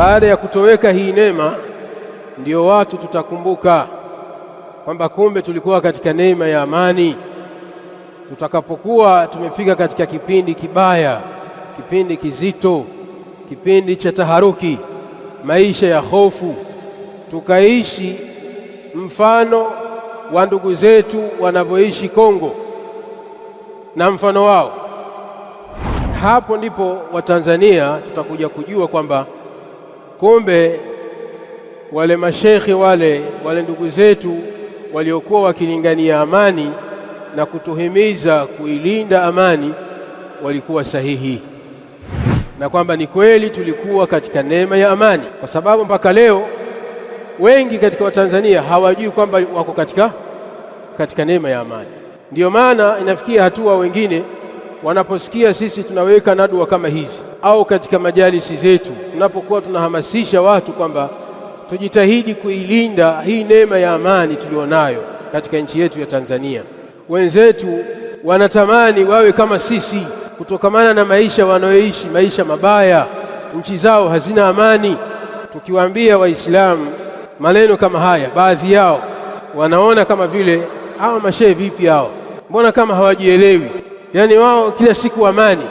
Baada ya kutoweka hii neema, ndio watu tutakumbuka kwamba kumbe tulikuwa katika neema ya amani. Tutakapokuwa tumefika katika kipindi kibaya, kipindi kizito, kipindi cha taharuki, maisha ya hofu, tukaishi mfano wa ndugu zetu wanavyoishi Kongo na mfano wao, hapo ndipo Watanzania tutakuja kujua kwamba Kumbe wale mashekhi wale wale ndugu zetu waliokuwa wakilingania amani na kutuhimiza kuilinda amani walikuwa sahihi, na kwamba ni kweli tulikuwa katika neema ya amani, kwa sababu mpaka leo wengi katika Watanzania hawajui kwamba wako katika, katika neema ya amani. Ndiyo maana inafikia hatua wengine wanaposikia sisi tunaweka nadwa kama hizi au katika majalisi zetu tunapokuwa tunahamasisha watu kwamba tujitahidi kuilinda hii neema ya amani tulionayo katika nchi yetu ya Tanzania. Wenzetu wanatamani wawe kama sisi, kutokamana na maisha wanayoishi, maisha mabaya, nchi zao hazina amani. Tukiwaambia Waislamu maneno kama haya, baadhi yao wanaona kama vile hawa mashehe vipi hao, mbona kama hawajielewi? yani wao kila siku amani